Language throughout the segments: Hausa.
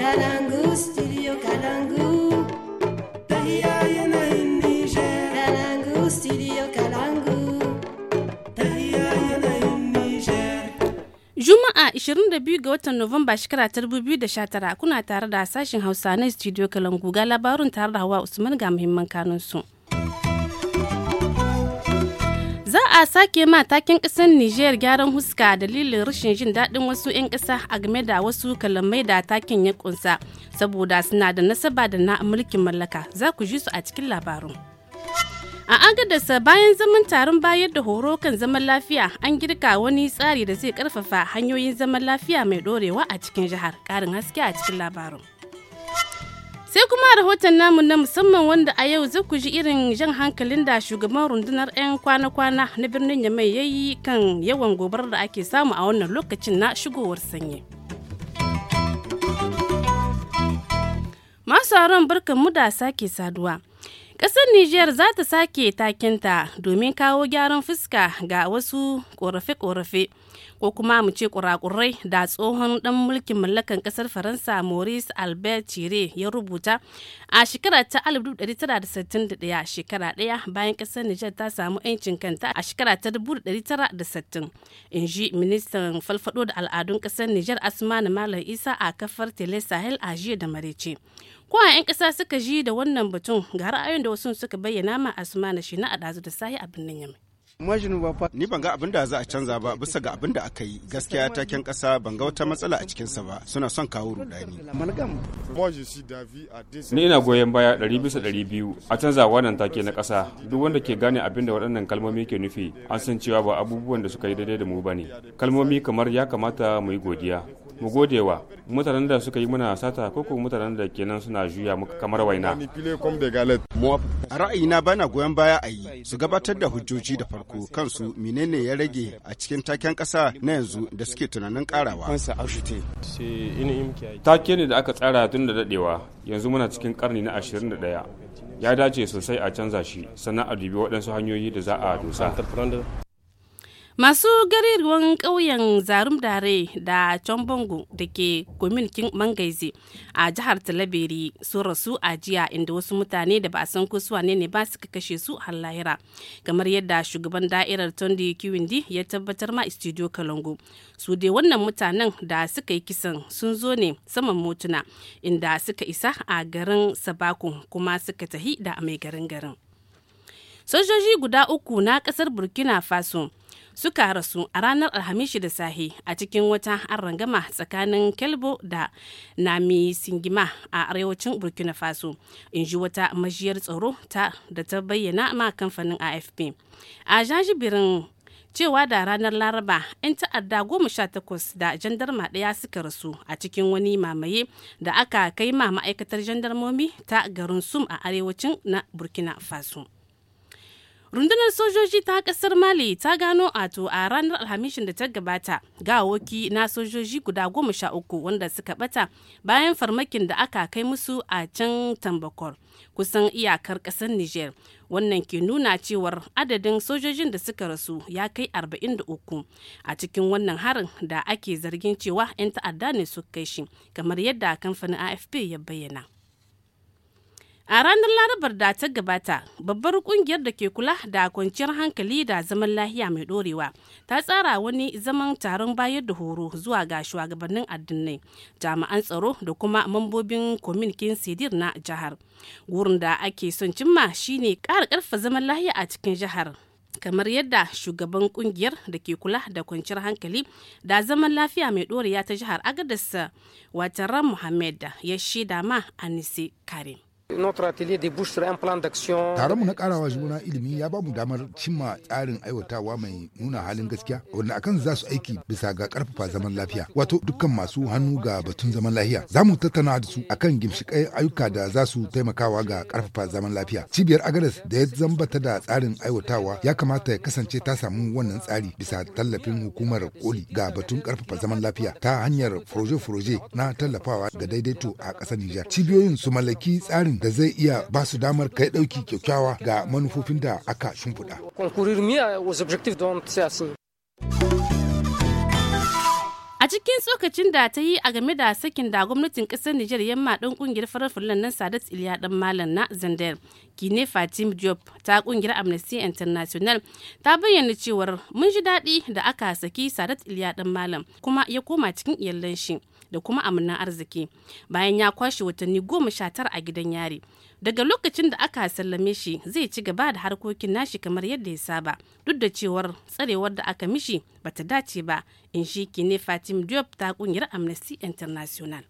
studio Kalangu. yana Kalangu, studio Kalangu. yana Juma'a 22 ga watan Nuwamba shekara ta 2019 kuna tare da sashen Hausa na studio Kalangu ga labarin tare da Hawa Usman ga muhimman kanunsu. su. a sake ma takin ƙasar Nijar gyaran huska dalilin rashin jin daɗin wasu 'yan ƙasa a game da wasu kalamai da takin ya kunsa saboda suna da nasaba da na mulkin mallaka za ku ji su a cikin labarin. A agadarsa bayan zaman taron bayar da horo kan zaman lafiya an girka wani tsari da zai karfafa hanyoyin zaman lafiya mai dorewa a cikin jihar. Karin haske a cikin labarin. sai kuma rahoton namu na musamman wanda a yau zai ji irin jan hankalin da shugaban rundunar 'yan kwana-kwana na birnin ya mai yayi kan yawan gobarar da ake samu a wannan lokacin na shigowar sanyi masu auren barkan mu da sake saduwa ƙasar niger za ta sake takinta domin kawo gyaran fuska ga wasu ƙorafe-ƙorafe ko kuma mu ce kurakurai da tsohon dan mulkin mallakan kasar faransa maurice albert cire ya rubuta a shekara ta 1961 shekara daya bayan kasar niger ta samu 'yancin kanta a shekara ta 1960 in ji ministan falfado da al'adun kasar niger asmanu malam isa a kafar tele sahel a jiya da marece ko a 'yan ƙasa suka ji da wannan batun ga ra'ayin da wasu suka bayyana ma asmana shi na adazu da sahi a nan yamai Ni ban ga abin da za a canza ba bisa ga abin da aka yi gaskiya taken ƙasa ban ga wata matsala a cikinsa ba suna son kawo rudani. Ni ina goyon baya ɗari bisa ɗari biyu a canza wannan take na ƙasa duk wanda ke gane abin da waɗannan kalmomi ke nufi an san cewa ba abubuwan da suka yi daidai da mu ba ne. Kalmomi kamar ya kamata mu yi godiya mu gode wa mutanen da suka yi muna sata ko kuma mutanen da kenan suna juya muka kamar waina a ra'ayina bana goyon baya a yi su gabatar da hujjoji da farko kansu menene ya rage a cikin taken kasa na yanzu da suke tunanin karawa take ne da aka tsara tun da dadewa yanzu muna cikin karni na 21 ya dace sosai a canza shi sannan a dubi waɗansu hanyoyi da za a dosa masu ruwan ƙauyen zarum dare da chambongo da ke gominkin mangaize a jihar talabiri sun rasu a jiya inda wasu mutane da ba san kusuwa ne ba suka kashe su har lahira kamar yadda shugaban da'irar tondi kiwindi ya tabbatar ma studio kalongo su dai wannan mutanen da suka yi kisan sun zo ne saman motuna inda suka isa a garin sabaku kuma suka tahi da mai garin garin sojoji guda uku na kasar burkina faso suka rasu a ranar alhamishi da sahi a cikin wata rangama tsakanin kelbo da nami singima a arewacin burkina faso in ji wata majiyar tsaro ta da ta bayyana ma kamfanin afp a jajibirin cewa da ranar laraba 'yan ta'adda goma sha takwas da jandarma ɗaya suka rasu a cikin wani mamaye da aka kai ma ma'aikatar jandarmomi ta garin sum a arewacin na burkina faso rundunar sojoji ta kasar mali ta gano ato a ranar alhamishin da ta gabata gawoki na sojoji guda goma sha uku wanda suka bata bayan farmakin da aka kai musu a can tambakor kusan iyakar kasar niger wannan ke nuna cewar adadin sojojin da suka rasu ya kai arba'in da uku a cikin wannan harin da ake zargin cewa 'yan ta'adda ne su kai shi kamar yadda kamfanin afp ya bayyana A ranar Larabar da ta gabata, babbar kungiyar da ke kula da kwanciyar hankali da zaman lahiya mai dorewa ta tsara wani zaman taron bayar da horo zuwa ga shugabannin addinai, jami'an tsaro da kuma mambobin kominikin sidir na jihar. Gurin da ake son cimma shine ƙara ƙarfa zaman lahiya a cikin jihar. kamar yadda shugaban kungiyar da ke kula da kwanciyar hankali da zaman lafiya mai ɗoriya ta jihar agadas wataran muhammad ya shaida ma anise karim Taronmu na karawa juna ilimi ya ba mu damar cimma tsarin aiwatawa mai nuna halin gaskiya wanda akan za su aiki bisa ga karfafa zaman lafiya wato dukkan masu hannu ga batun zaman lafiya za mu tattauna da su akan gimshikai ayyuka da za su taimakawa ga karfafa zaman lafiya cibiyar agares da ya zambata da tsarin aiwatawa ya kamata ya kasance ta samu wannan tsari bisa tallafin hukumar koli ga batun karfafa zaman lafiya ta hanyar furoje-furoje na tallafawa ga daidaito a ƙasar Nijar cibiyoyin su mallaki tsarin da zai iya ba su damar kai ɗauki kyakkyawa ga manufofin da aka shimfiɗa. A cikin tsokacin da ta yi a game da sakin da gwamnatin ƙasar Nijar yamma ɗan ƙungiyar farar fulan nan Sadat Iliya ɗan Malam na Zandar, Gine Fatim Diop ta ƙungiyar Amnesty International ta bayyana cewar mun ji daɗi da aka saki Sadat Iliya ɗan Malam kuma ya koma cikin iyalan shi. da kuma amina arziki bayan ya kwashe watanni goma sha tara a gidan yari daga lokacin da aka sallame shi zai ci gaba da harkokin nashi kamar yadda ya saba duk da cewar tsarewar da aka mishi bata dace ba in shi ne fatim diop ta kungiyar amnesty international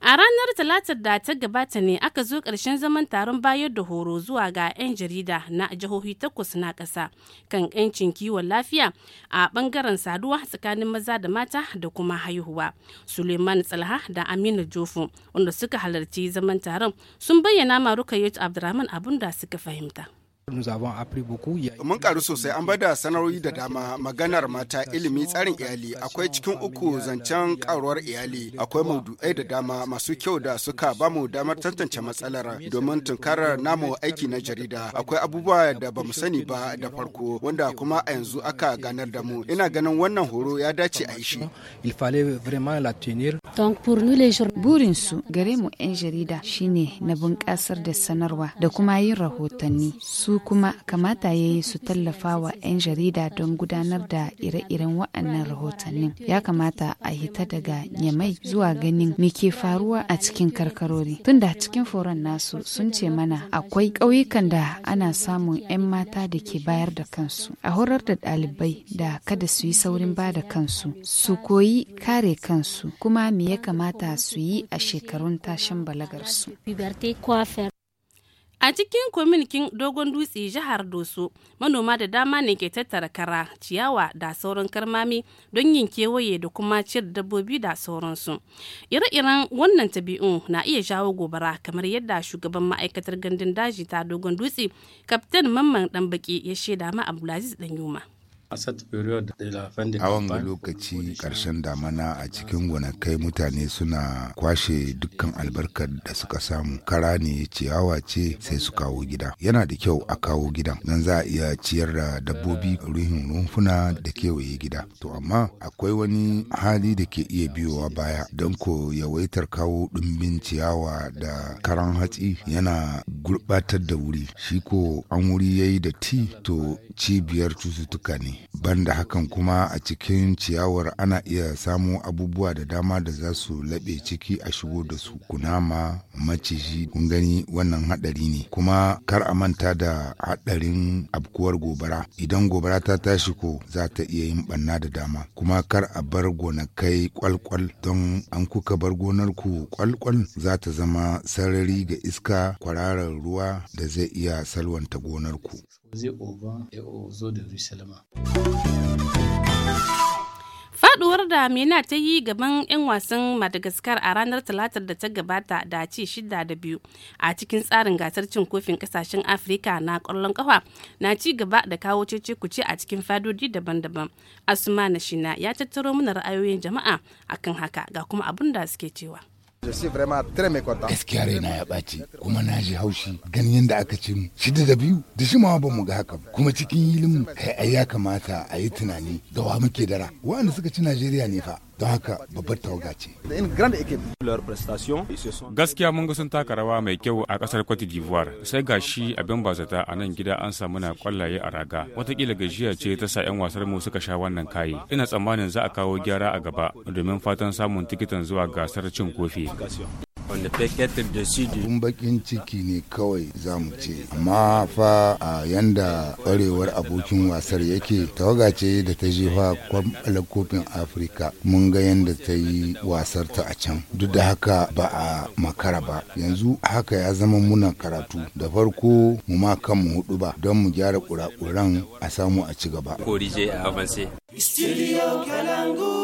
A ranar Talatar da ta gabata ne aka zo ƙarshen zaman taron bayar da horo zuwa ga 'yan jarida na jihohi takwas na ƙasa kan 'yancin kiwon lafiya a ɓangaren saduwa tsakanin maza da mata da kuma haihuwa. Suleiman Tsalha da Aminu Jofu wanda suka halarci zaman taron sun bayyana ma Rukayyat Abdurrahman abun da suka fahimta. Mun karu sosai an bada sanarwoyi da dama maganar mata ilimi tsarin iyali akwai cikin uku zancen karuwar iyali akwai maudu'ai da dama masu kyau da suka bamu damar tantance matsalar domin tunkarar namu aiki na jarida akwai abubuwa da bamu sani ba da farko wanda kuma a yanzu aka ganar da mu ina ganin wannan horo ya dace a yi shi. Burinsu gare mu 'yan jarida shine na bunƙasar da sanarwa da kuma yin rahotanni su kuma kamata ya yi su tallafa wa 'yan jarida don gudanar da ire-iren wa'annan rahotannin ya kamata a hita daga nyamai zuwa ganin me ke faruwa a cikin karkarori Tun da cikin foron nasu sun ce mana akwai ƙauyukan da ana samun 'yan mata da ke bayar da kansu a horar da ɗalibai da kada su yi saurin ba da kansu su koyi kare kansu kuma me ya kamata su yi a shekarun tashin balagarsu A cikin kominikin dogon dutse jihar Doso, manoma da dama ne ke tattara kara, ciyawa da sauran karmami don yin kewaye da kuma cire dabbobi da sauransu. Ire-iren wannan tabi'un na iya jawo gobara kamar yadda shugaban ma'aikatar gandun daji ta dogon dutse, Kaftin Mamman Ɗanbaki ya shaida ma Abdulaziz yuma. asad A wani lokaci ƙarshen damana a cikin gonakai mutane suna kwashe dukkan albarkar da suka samu kara ne ciyawa ce sai su kawo gida. Yana da kyau a kawo gida, nan za a iya ciyar da dabbobi ruhin rumfuna da kewaye gida. To amma akwai wani hali da ke iya biyowa baya don ko yawaitar kawo ɗumbin ciyawa da karan hatsi yana gurɓatar da wuri. Shi ko an wuri ya yi da ti to cibiyar cututtuka ne. ban Banda hakan kuma a cikin ciyawar ana iya samo abubuwa da dama da za su laɓe ciki a shigo da su. Kunama, maciji, kun gani wannan haɗari ne. Kuma kar a manta da haɗarin abkuwar gobara. Idan gobara ta tashi ko za ta iya yin ɓanna da dama. Kuma kar a bar gonakai kwalkwal don an kuka bar gonar ku kwalkwal za ta zama sarari ga iska kwararar ruwa da zai iya salwanta gonarku. zai oba ya zo da Rusalama. Faduwar da Mena ta yi gaban 'yan wasan Madagascar a ranar Talatar da ta gabata da ci shida da biyu a cikin tsarin gasar cin kofin kasashen Afirka na kwallon kafa na ci gaba da kawo cece kuce a cikin fadodi daban-daban. Asuma na shina ya tattaro mana ra'ayoyin jama'a akan haka ga kuma abin da suke cewa. Gaskiya raina ya ɓaci kuma na ji haushi ganin yadda aka ce mu shida da biyu da shi ma ba mu ga haka kuma cikin hilin mu kai ai ya kamata a yi tunani da wa muke dara waɗanda suka ci Najeriya ne fa don haka babbar tawaga ce. Gaskiya mun ga sun taka rawa mai kyau a kasar Cote d'Ivoire sai ga shi abin bazata a nan gida an samu na kwallaye a raga watakila gajiya ce ta sa 'yan wasar mu suka sha wannan kayi ina tsammanin za a kawo gyara a gaba domin fatan samun tikitan zuwa gasar cin kofi. abun bakin ciki ne kawai za mu ce amma fa a yanda kwarewar abokin wasar yake tawaga ce da ta jefa kwamfala kofin afirka mun ga yanda ta yi wasar ta a can duk da haka ba a makara ba yanzu haka ya zama muna karatu da farko mu ma kan mu hudu ba don mu gyara kurakuran a samu a ci gaba Studio Kalangu.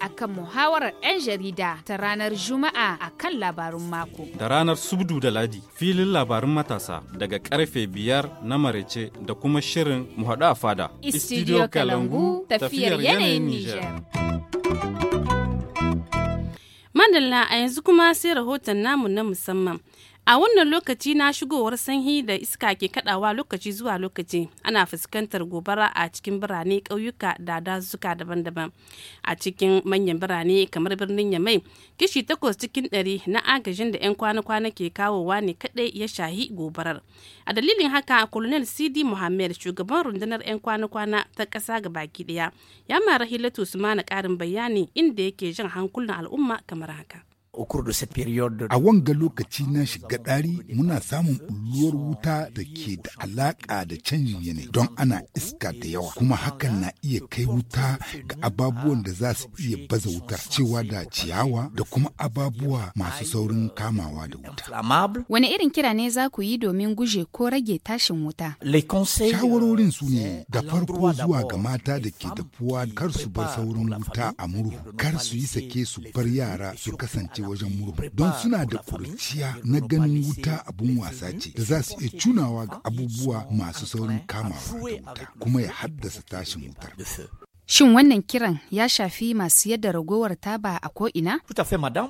akan muhawarar 'yan jarida ta ranar Juma'a a kan labarun mako. Da ranar Subdu da Ladi filin labarun matasa daga karfe biyar na marece da kuma shirin muhaɗu a fada. Istidiyo Kalangu tafiyar yanayin Nijar. Madalla a yanzu kuma sai rahoton namu na musamman. A wannan lokaci na shigowar sanyi da iska ke kadawa lokaci zuwa lokaci ana fuskantar gobara a cikin birane ƙauyuka da dazuka daban-daban. A cikin manyan birane kamar birnin Yamai, kishi takwas cikin ɗari na agajin da 'yan kwana-kwana ke kawowa ne kaɗai ya shahi gobarar. A dalilin haka, Colonel CD muhammad shugaban rundunar 'yan kwana-kwana ta ƙasa ga baki ɗaya, ya mara Hilatu mana ƙarin bayani inda yake jan hankulan al'umma kamar haka. A wanga lokaci na shiga ɗari muna samun ɓulluwar wuta da ke da alaƙa da canjin yanayi don ana iska da yawa kuma hakan na iya kai wuta ga ababuwan da za su iya baza wutar cewa da ciyawa da kuma ababuwa masu saurin kamawa da wuta. Wani irin kira ne za ku yi domin guje ko rage tashin wuta? Shawarorin su ne euh, da farko zuwa ga mata da ke dafuwa kar su bar saurin wuta a murhu kar su yi sake su bar yara su kasance wajen murhu don suna da kurciya na ganin wuta abun wasa ce da za su iya cunawa ga abubuwa masu saurin kamawa da wuta kuma ya haddasa tashin wutar. Shin wannan kiran ya shafi masu yadda ragowar taba a ko'ina?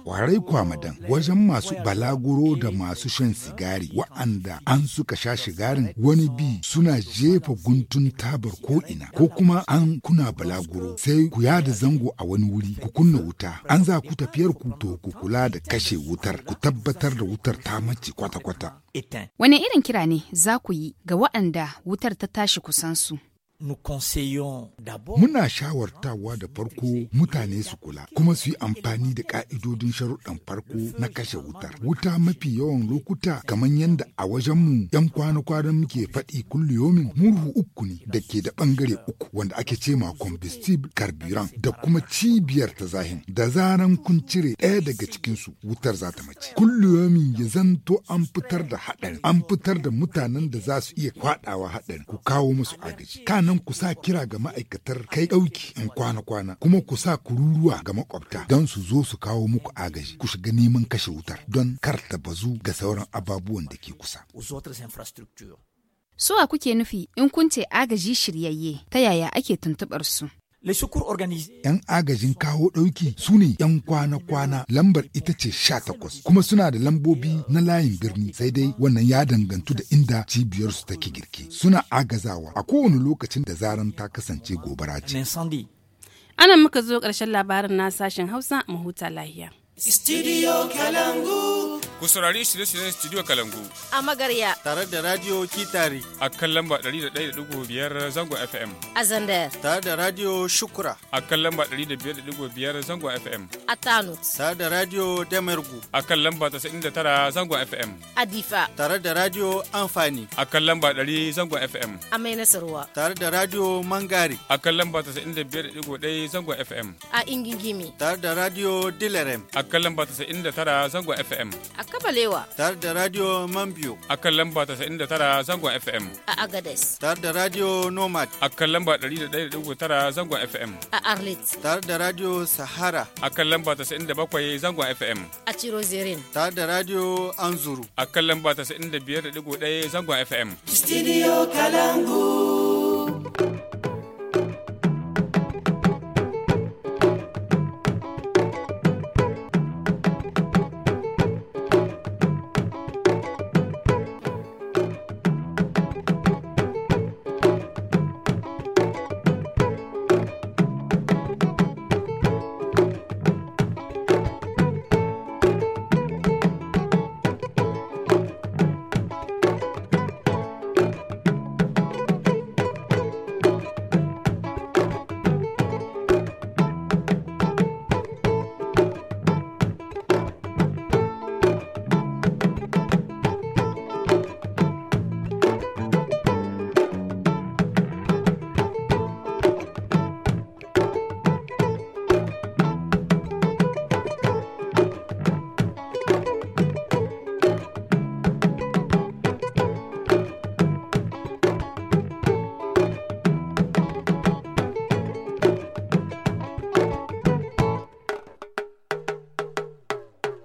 Warai kwa madan wajen masu balaguro da masu shan sigari wa'anda an suka sha shigarin wani bi suna jefa guntun tabar ko'ina ko kuma an kuna balaguro sai ku yada zango a wani wuri ku kunna wuta an za ku tafiyar ku to ku kula da kashe wutar ku tabbatar da wutar ta mace kwata-kwata. Wani irin kira ne za ku yi ga wa'anda wutar ta tashi kusan su Muna shawartawa da farko mutane su kula kuma su yi amfani da ka'idodin sharuɗan farko na kashe wutar. Wuta mafi yawan lokuta kamar yadda a wajenmu 'yan kwana-kwanan muke faɗi kulliyomin murhu uku ne da ke da ɓangare uku wanda ake ce ma combustible carburant da kuma cibiyar ta zahin. Da zaran kun cire ɗaya daga cikinsu wutar za ta mace. Kulliyomin ya zanto an fitar da haɗari, an fitar da mutanen da za su iya kwaɗawa haɗari ku kawo musu agaji. nan ku sa kira ga ma'aikatar kai ɗauki in kwana-kwana kuma ku sa kururuwa ga makwabta don su zo su kawo muku agaji ku shiga neman kashe wutar don kar ta bazu ga sauran ababuwan da ke kusa. Suwa kuke nufi in kun ce agaji shiryayye ta yaya ake tuntuɓar su? 'Yan agajin kawo ɗauki su ne 'yan kwana-kwana lambar ita ce sha takwas kuma suna da lambobi na layin birni sai dai wannan ya dangantu da inda cibiyarsu take girki. Suna agazawa a kowane lokacin da zaran ta kasance gobara ce. Ana muka zo ƙarshen labarin na sashen Hausa mahuta lahiya. Studio Kalangu. Ku saurari shirye-shiryen Studio Kalangu. A Magarya. Tare da Radio Kitari. A kan lamba 101.5 Zango FM. A Zandar. Tare da Radio Shukura. A kan lamba 105.5 Zango FM. A Tanut. Tare da Radio Damergu. A kan lamba 99 Zango FM. A Difa. Tare da Radio Amfani. A kan lamba 100 Zango FM. A Mai Nasarwa. Tare da Radio Mangari. A kan lamba 95.1 Zango FM. A Ingigimi. Tare da Radio Dilerem. A kan lamba 99 Zango FM. A Kabalewa. Tare da Radio Mambio. A kan lamba 99 zangon FM. A Agades. Tare da Radio Nomad. A kan lamba 101.9 zangon FM. A Arlit. Tare da Radio Sahara. A kan lamba 97 zangon FM. A Chirozirin. Tare da Radio Anzuru. A kan lamba 95.1 zangon FM. Studio Kalangu.